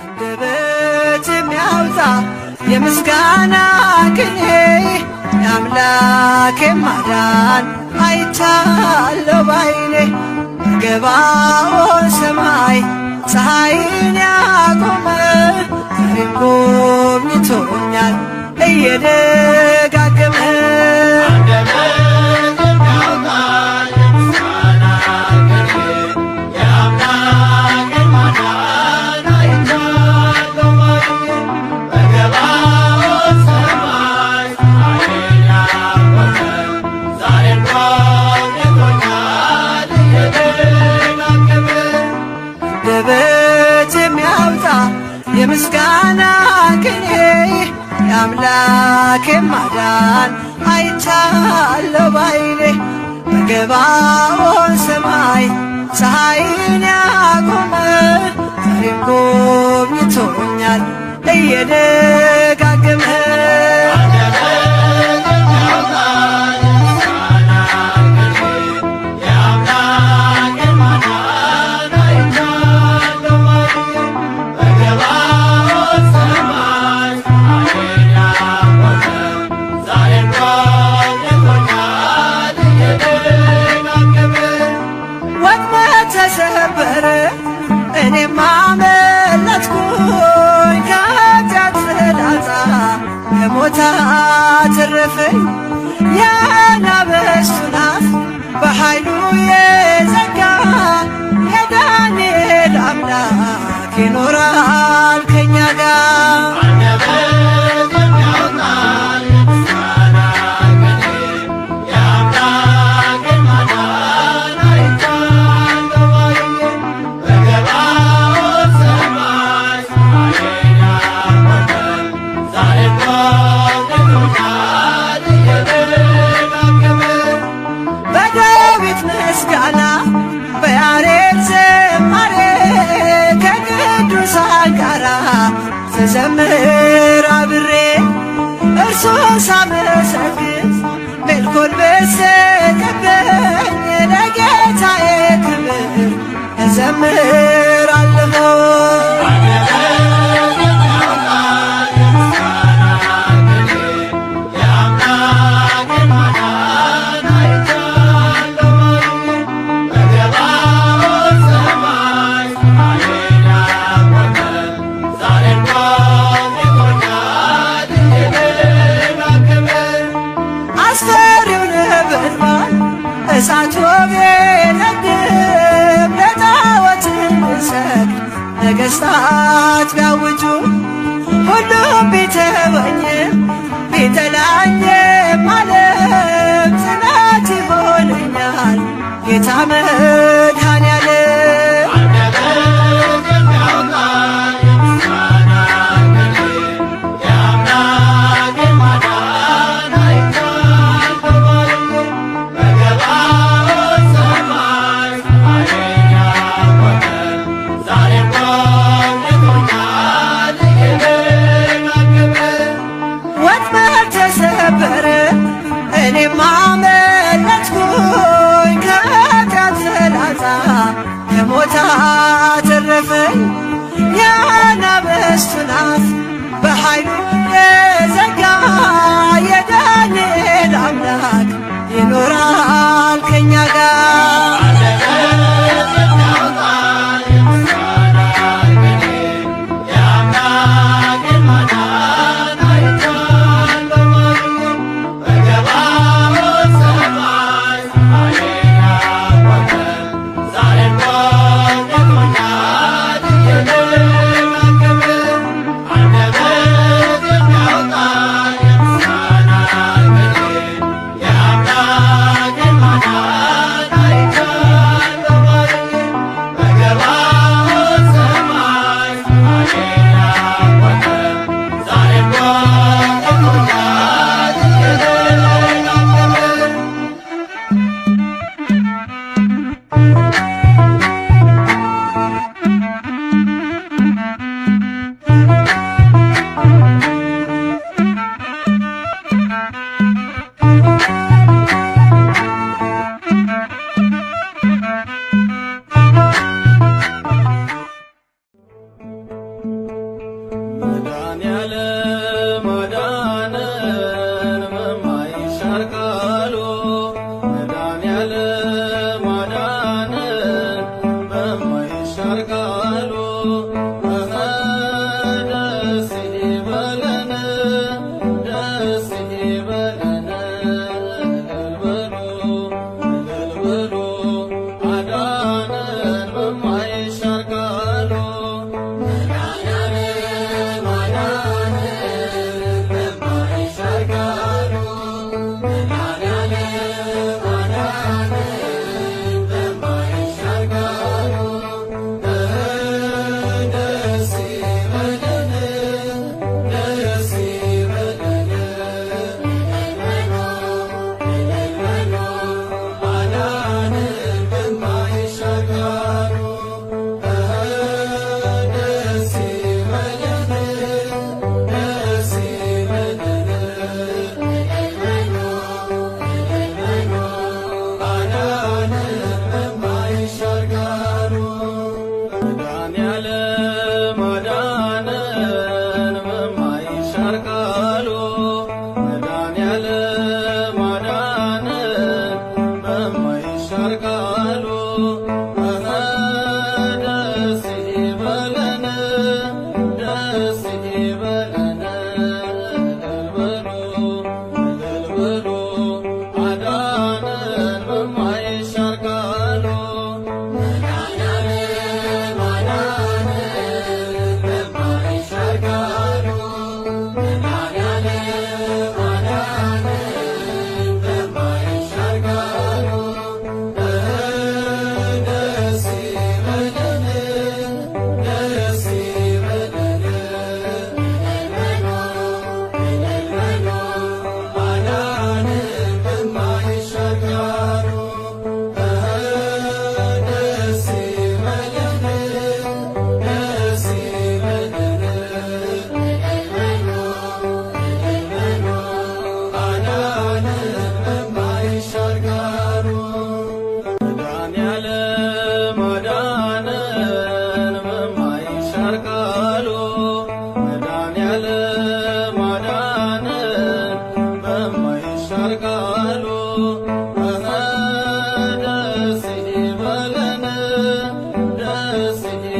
አንደበት የሚያወጣ የምስጋና ቅኔ የአምላክ ማዳን አይቻለው ባይኔ ገባኦን ሰማይ ፀሐይን ያቆመ ዛሬም ጎብኝቶኛል እየደ አንደበት የሚያውጣ የምስጋና ቅኔ የአምላክ ማዳን አይቻለው ባይኔ በገባኦን ሰማይ ፀሐይን ያቆመ ዛሬም ጎብኝቶኛል እየደ ስዘምር አብሬ እርሶ ሳመሰግስ ምልኮን በስተቀበኝ ለጌታዬ ክብር እዘምር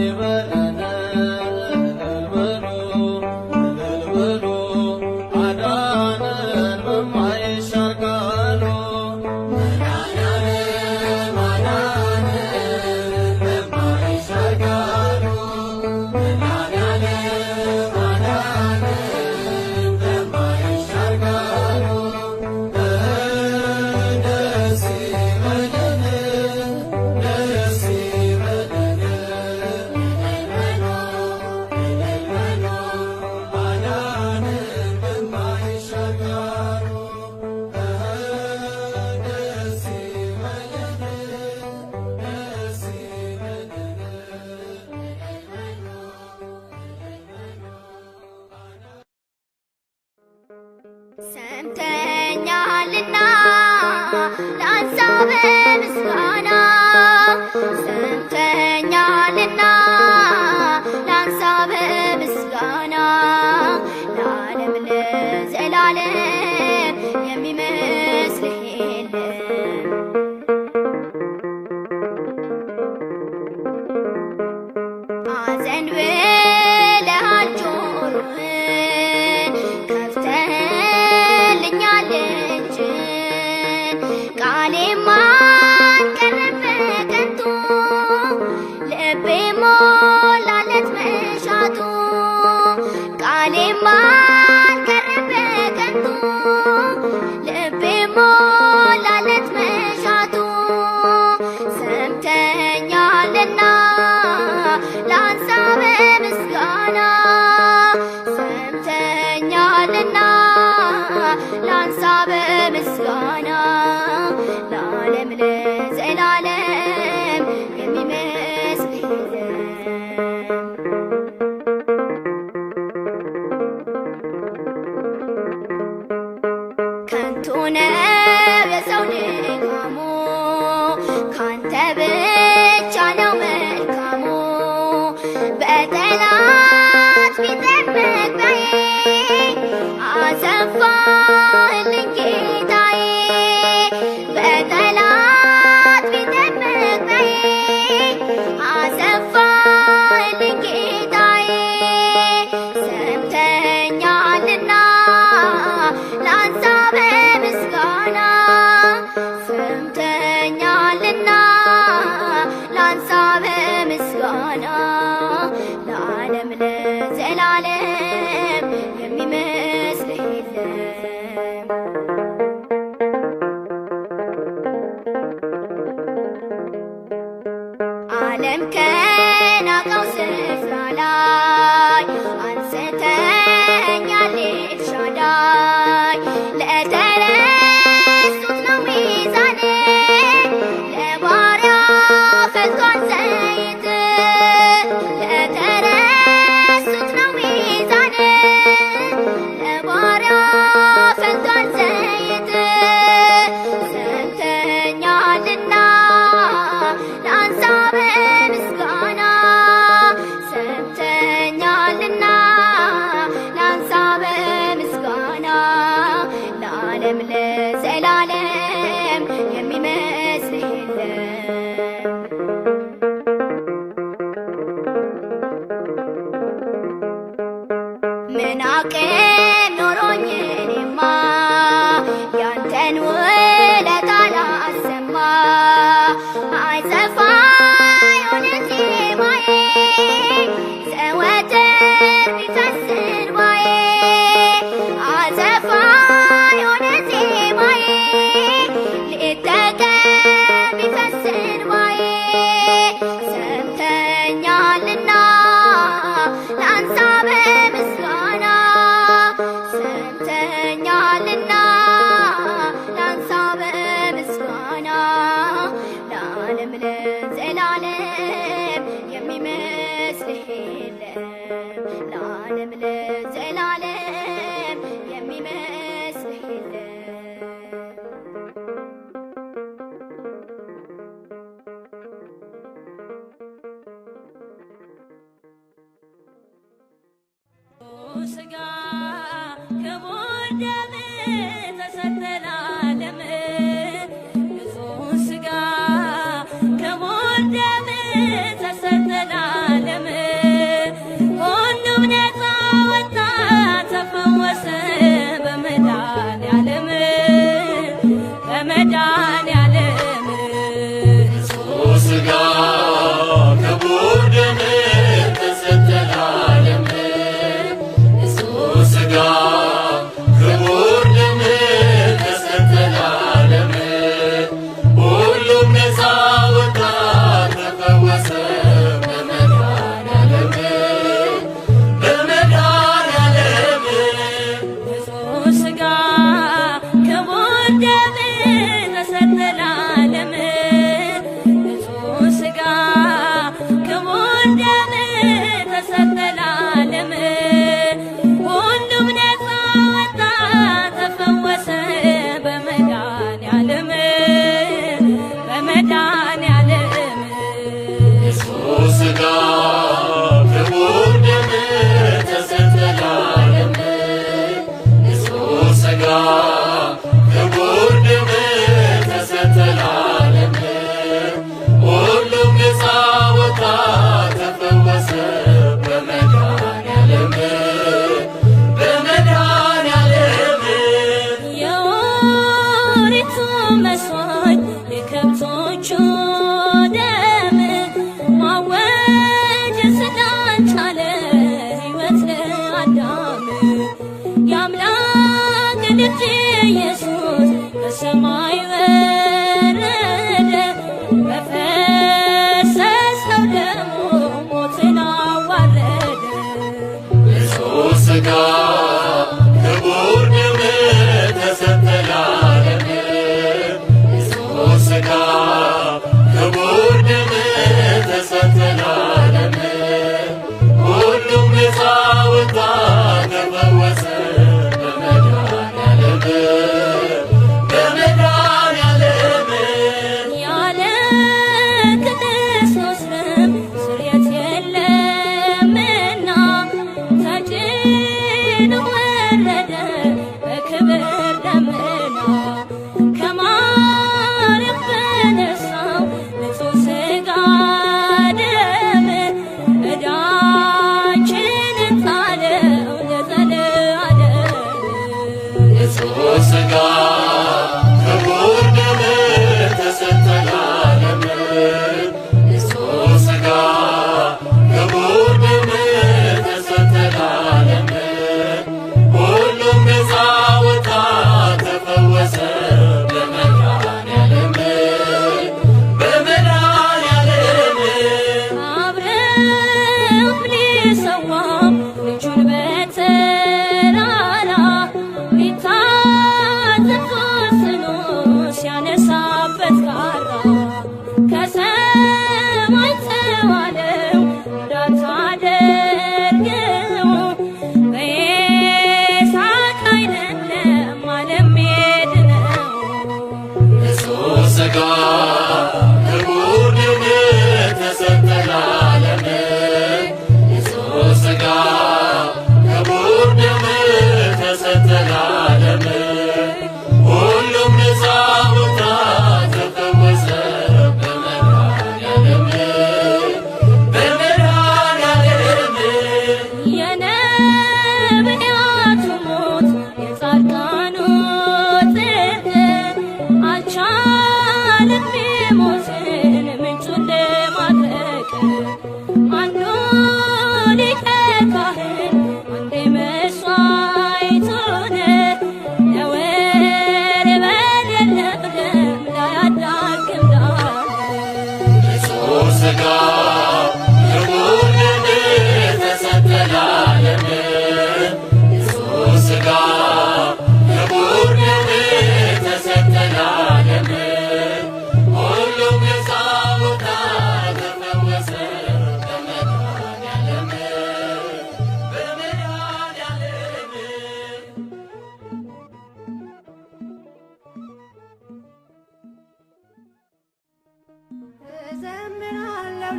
never Hold on, መዳን 住。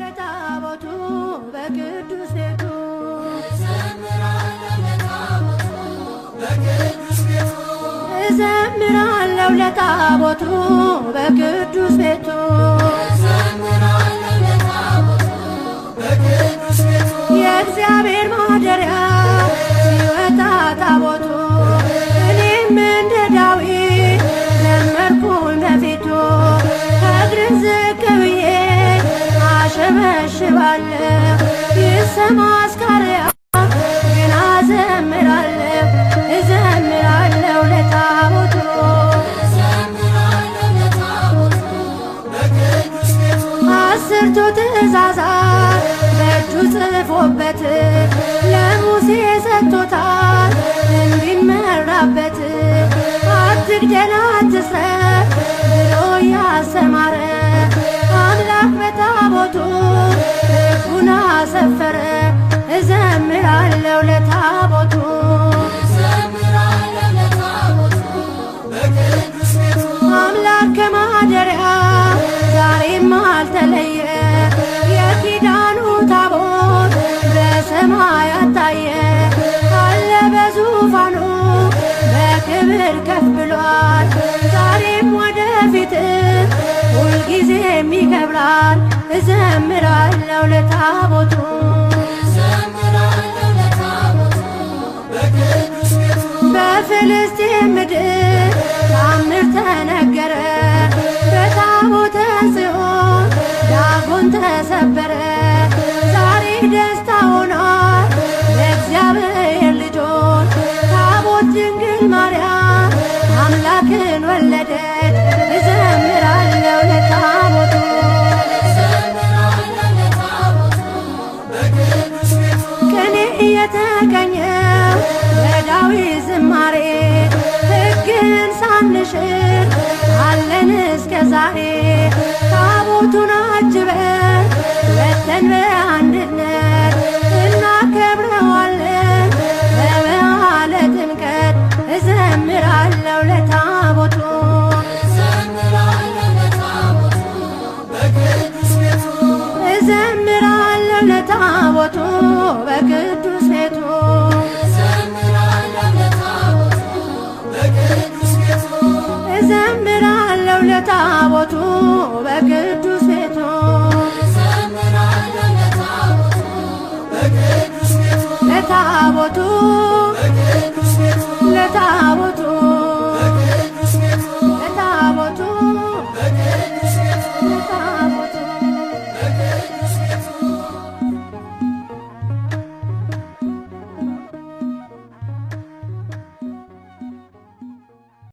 ለታቦቱ በቅዱስ ቤቱ እዘምራለሁ ለታቦቱ በቅዱስ ቤቱ የእግዚአብሔር ማደሪያ ሲወጣ ታቦቱ እሸበሽባለሁ ይሰማ አስካሪያ ግን አዘምራለሁ እዘምራለሁ ለታቦቱ አስርቱ ትእዛዛት በእጁ ጽፎበት ለሙሴ ሰጥቶታል እንዲመራበት አትግደል አትስረቅ ብሎ ያሰማረ አምላክ በታቦቱ ልቡን አሰፈረ። እዘምራለሁ ለታቦቱ አምላክ ከማደሪያ ዛሬም አልተለየ። የኪዳኑ ታቦት በሰማይ አታየ አለ በዙፋኑ በክብር ከፍ ብሏል። ጊዜም ይከብራል። እዘምራለሁ ለታቦቱ ምድር ታምር ተነገረ፣ በታቦተ ጽዮን ዳጎን ተሰበረ። ሳንሽር ሳንሽር አለን እስከ ዛሬ ታቦቱን አጅበን ወተን በአንድነት እናከብረዋለን። በበዓለ ጥምቀት እዘምራለሁ ለታቦቱ እዘምራለሁ ለታቦቱ በቅዱስ ታቦቱ በቅዱስ ቤቱ ለታቦቱ